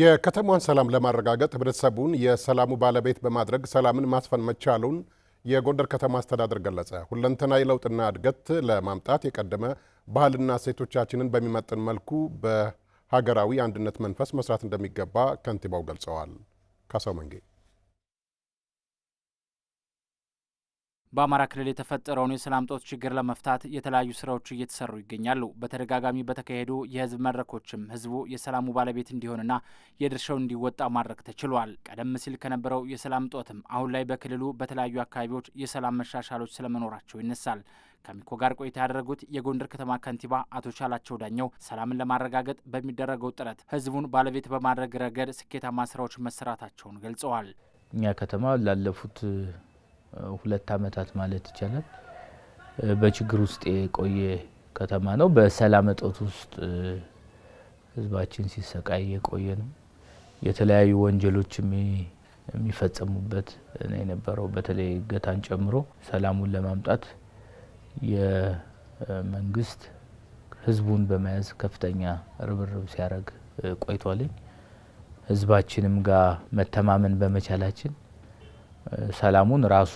የከተማዋን ሰላም ለማረጋገጥ ህብረተሰቡን የሰላሙ ባለቤት በማድረግ ሰላምን ማስፈን መቻሉን የጎንደር ከተማ አስተዳደር ገለጸ። ሁለንተናዊ ለውጥና እድገት ለማምጣት የቀደመ ባህልና እሴቶቻችንን በሚመጥን መልኩ በሀገራዊ አንድነት መንፈስ መስራት እንደሚገባ ከንቲባው ገልጸዋል። ካሳው መንጌ በአማራ ክልል የተፈጠረውን የሰላም ጦት ችግር ለመፍታት የተለያዩ ስራዎች እየተሰሩ ይገኛሉ። በተደጋጋሚ በተካሄዱ የህዝብ መድረኮችም ህዝቡ የሰላሙ ባለቤት እንዲሆንና የድርሻው እንዲወጣ ማድረግ ተችሏል። ቀደም ሲል ከነበረው የሰላም ጦትም አሁን ላይ በክልሉ በተለያዩ አካባቢዎች የሰላም መሻሻሎች ስለመኖራቸው ይነሳል። ከሚኮ ጋር ቆይታ ያደረጉት የጎንደር ከተማ ከንቲባ አቶ ቻላቸው ዳኘው ሰላምን ለማረጋገጥ በሚደረገው ጥረት ህዝቡን ባለቤት በማድረግ ረገድ ስኬታማ ስራዎች መሰራታቸውን ገልጸዋል። እኛ ከተማ ላለፉት ሁለት ዓመታት ማለት ይቻላል በችግር ውስጥ የቆየ ከተማ ነው። በሰላም እጦት ውስጥ ህዝባችን ሲሰቃይ የቆየ ነው። የተለያዩ ወንጀሎች የሚፈጸሙበት ነው የነበረው። በተለይ እገታን ጨምሮ ሰላሙን ለማምጣት የመንግስት ህዝቡን በመያዝ ከፍተኛ ርብርብ ሲያደርግ ቆይቷልኝ ህዝባችንም ጋር መተማመን በመቻላችን ሰላሙን ራሱ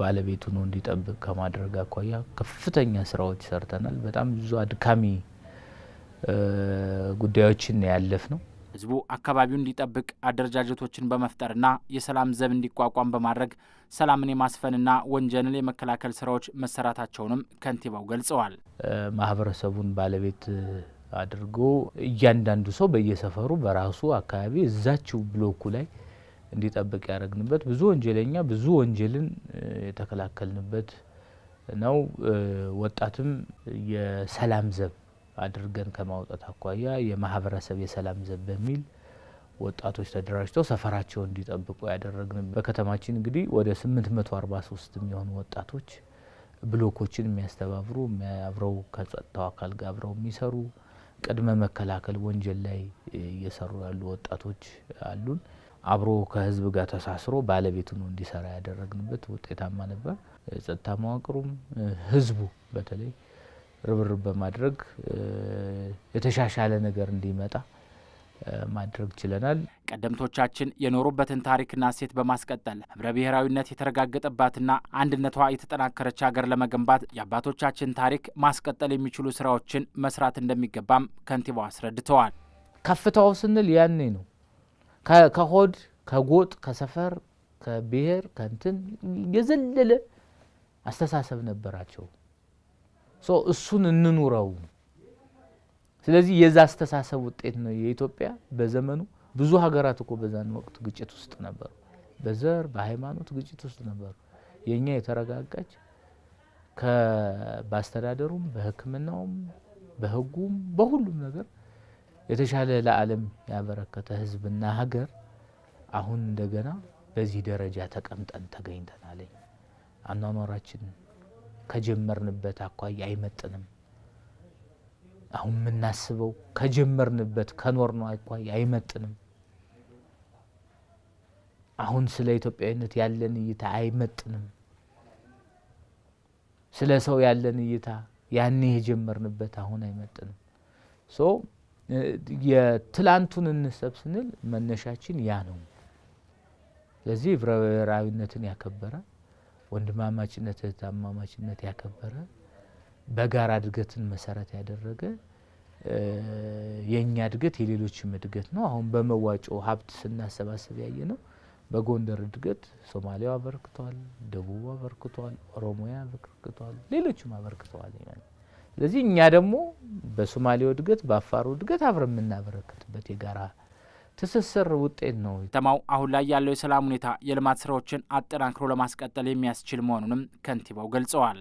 ባለቤቱ ነው እንዲጠብቅ ከማድረግ አኳያ ከፍተኛ ስራዎች ሰርተናል። በጣም ብዙ አድካሚ ጉዳዮችን ያለፍ ነው። ህዝቡ አካባቢውን እንዲጠብቅ አደረጃጀቶችን በመፍጠርና የሰላም ዘብ እንዲቋቋም በማድረግ ሰላምን የማስፈንና ወንጀልን የመከላከል ስራዎች መሰራታቸውንም ከንቲባው ገልጸዋል። ማህበረሰቡን ባለቤት አድርጎ እያንዳንዱ ሰው በየሰፈሩ በራሱ አካባቢ እዛችው ብሎኩ ላይ እንዲጠብቅ ያደረግንበት ብዙ ወንጀለኛ ብዙ ወንጀልን የተከላከልንበት ነው። ወጣትም የሰላም ዘብ አድርገን ከማውጣት አኳያ የማህበረሰብ የሰላም ዘብ በሚል ወጣቶች ተደራጅተው ሰፈራቸውን እንዲጠብቁ ያደረግን በከተማችን እንግዲህ ወደ 843 የሚሆኑ ወጣቶች ብሎኮችን የሚያስተባብሩ አብረው ከጸጥታው አካል ጋር አብረው የሚሰሩ ቅድመ መከላከል ወንጀል ላይ እየሰሩ ያሉ ወጣቶች አሉን። አብሮ ከህዝብ ጋር ተሳስሮ ባለቤቱ ነው እንዲሰራ ያደረግንበት ውጤታማ ነበር። የጸጥታ መዋቅሩም ህዝቡ በተለይ ርብርብ በማድረግ የተሻሻለ ነገር እንዲመጣ ማድረግ ችለናል። ቀደምቶቻችን የኖሩበትን ታሪክና እሴት በማስቀጠል ህብረ ብሔራዊነት የተረጋገጠባትና አንድነቷ የተጠናከረች ሀገር ለመገንባት የአባቶቻችን ታሪክ ማስቀጠል የሚችሉ ስራዎችን መስራት እንደሚገባም ከንቲባው አስረድተዋል። ከፍታው ስንል ያኔ ነው ከሆድ ከጎጥ ከሰፈር ከብሔር ከንትን የዘለለ አስተሳሰብ ነበራቸው። እሱን እንኑረው። ስለዚህ የዛ አስተሳሰብ ውጤት ነው የኢትዮጵያ በዘመኑ ብዙ ሀገራት እኮ በዛን ወቅት ግጭት ውስጥ ነበሩ። በዘር በሃይማኖት ግጭት ውስጥ ነበሩ። የእኛ የተረጋጋች በአስተዳደሩም በህክምናውም በህጉም በሁሉም ነገር የተሻለ ለዓለም ያበረከተ ህዝብና ሀገር አሁን እንደገና በዚህ ደረጃ ተቀምጠን ተገኝተናል። አኗኗራችን ከጀመርንበት አኳያ አይመጥንም። አሁን የምናስበው ከጀመርንበት ከኖርነው አኳያ አይመጥንም። አሁን ስለ ኢትዮጵያዊነት ያለን እይታ አይመጥንም። ስለ ሰው ያለን እይታ ያኔ የጀመርንበት አሁን አይመጥንም። የትላንቱን እንሰብ ስንል መነሻችን ያ ነው። ስለዚህ ብራዊነትን ያከበረ ወንድማማችነት፣ እህትማማችነት ያከበረ በጋራ እድገትን መሰረት ያደረገ የእኛ እድገት የሌሎችም እድገት ነው። አሁን በመዋጮ ሀብት ስናሰባሰብ ያየ ነው። በጎንደር እድገት ሶማሌው አበርክተዋል፣ ደቡቡ አበርክተዋል፣ ኦሮሞያ አበርክተዋል፣ ሌሎችም አበርክተዋል። ስለዚህ እኛ ደግሞ በሶማሌው እድገት በአፋሩ እድገት አብረ የምናበረክትበት የጋራ ትስስር ውጤት ነው። ከተማው አሁን ላይ ያለው የሰላም ሁኔታ የልማት ስራዎችን አጠናክሮ ለማስቀጠል የሚያስችል መሆኑንም ከንቲባው ገልጸዋል።